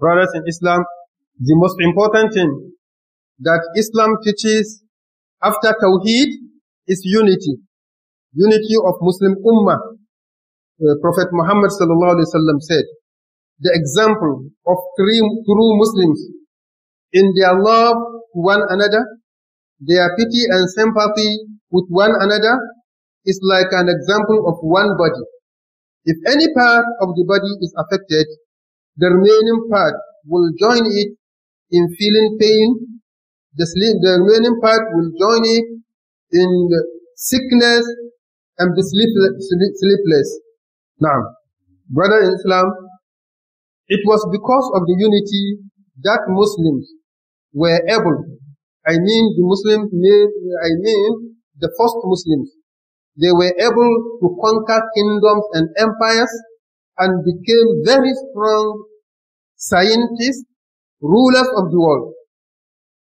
brothers in Islam, the most important thing that Islam teaches after Tawheed is unity. Unity of Muslim Ummah. Uh, Prophet Muhammad sallallahu alaihi wasallam said, the example of three true Muslims in their love to one another, their pity and sympathy with one another is like an example of one body. If any part of the body is affected, the remaining part will join it in feeling pain. The, sleep, the remaining part will join it in sickness and the sleep, sleep, sleepless. Now, brother in Islam, it was because of the unity that Muslims were able, I mean the Muslims, I mean the first Muslims, they were able to conquer kingdoms and empires and became very strong scientists, rulers of the world.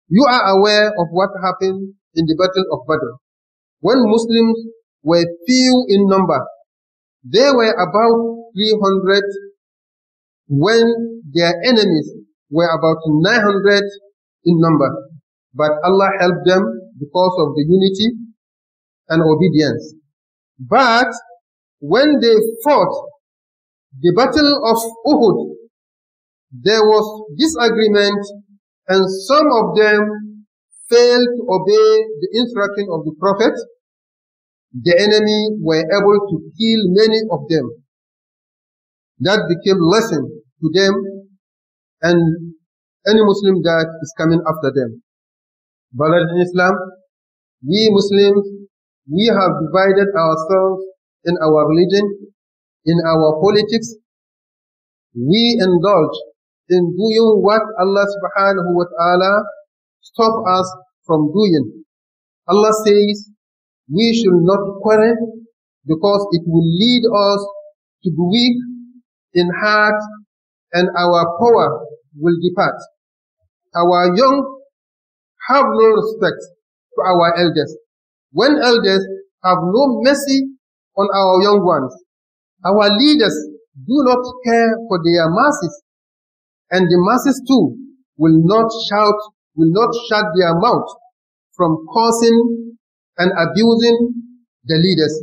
You are aware of what happened in the Battle of Badr. When Muslims were few in number, they were about 300 when their enemies were about 900 in number. But Allah helped them because of the unity and obedience. But when they fought the battle of Uhud, there was disagreement and some of them failed to obey the instruction of the Prophet. The enemy were able to kill many of them. That became lesson to them and any Muslim that is coming after them. Brother in Islam, we Muslims, we have divided ourselves in our religion in our politics, we indulge in doing what Allah subhanahu wa ta'ala stop us from doing. Allah says we should not quarrel because it will lead us to be weak in heart and our power will depart. Our young have no respect to our elders. When elders have no mercy on our young ones, our leaders do not care for their masses, and the masses too will not shout, will not shut their mouth from cursing and abusing the leaders.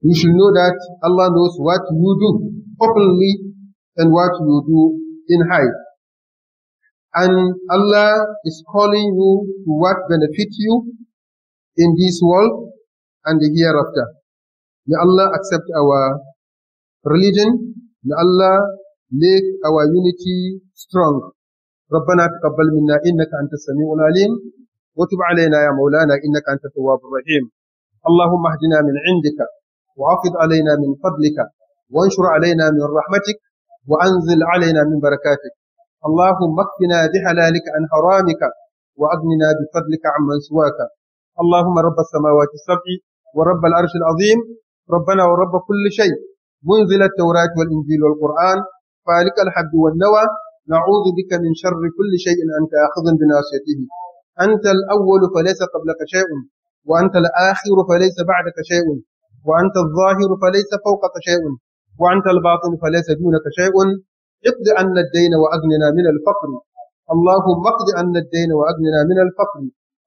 You should know that Allah knows what you do openly and what you do in hide. And Allah is calling you to what benefits you in this world and the hereafter. May Allah accept our religion. May Allah make our unity strong. ربنا تقبل منا إنك أنت السميع العليم وتب علينا يا مولانا إنك أنت التواب الرحيم اللهم اهدنا من عندك وعقد علينا من فضلك وانشر علينا من رحمتك وأنزل علينا من بركاتك اللهم اكفنا بحلالك عن حرامك وأغننا بفضلك عمن سواك اللهم رب السماوات السبع ورب العرش العظيم ربنا ورب كل شيء منزل التوراة والإنجيل والقرآن فالك الحب والنوى نعوذ بك من شر كل شيء أنت آخذ بناصيته أنت الأول فليس قبلك شيء وأنت الآخر فليس بعدك شيء وأنت الظاهر فليس فوقك شيء وأنت الباطن فليس دونك شيء اقض عنا الدين وأغننا من الفقر اللهم اقض عنا الدين وأغننا من الفقر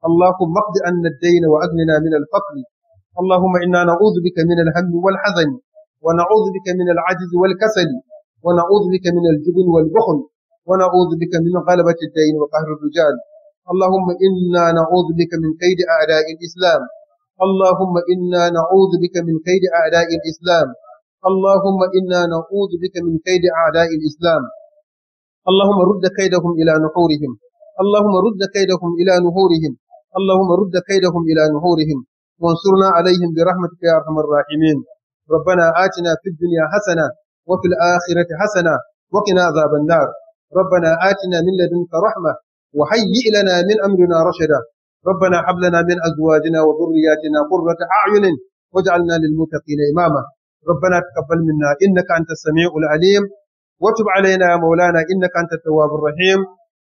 اللهم اقض عنا الدين وأغننا من الفقر اللهم إنا نعوذ بك من الهم والحزن ونعوذ بك من العجز والكسل ونعوذ بك من الجبن والبخل ونعوذ بك من غلبة الدين وقهر الرجال اللهم إنا نعوذ بك من كيد أعداء الإسلام اللهم إنا نعوذ بك من كيد أعداء الإسلام اللهم إنا نعوذ بك من كيد أعداء الإسلام اللهم رد كيدهم إلى نحورهم اللهم رد كيدهم إلى نحورهم اللهم رد كيدهم إلى نحورهم وانصرنا عليهم برحمتك يا أرحم الراحمين ربنا آتنا في الدنيا حسنة وفي الآخرة حسنة وقنا عذاب النار ربنا آتنا من لدنك رحمة وهيئ لنا من أمرنا رشدا ربنا هب لنا من أزواجنا وذرياتنا قرة أعين واجعلنا للمتقين إماما ربنا تقبل منا إنك أنت السميع العليم وتب علينا يا مولانا إنك أنت التواب الرحيم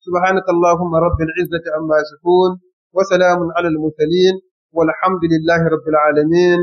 سبحانك اللهم رب العزة عما يصفون وسلام على المرسلين والحمد لله رب العالمين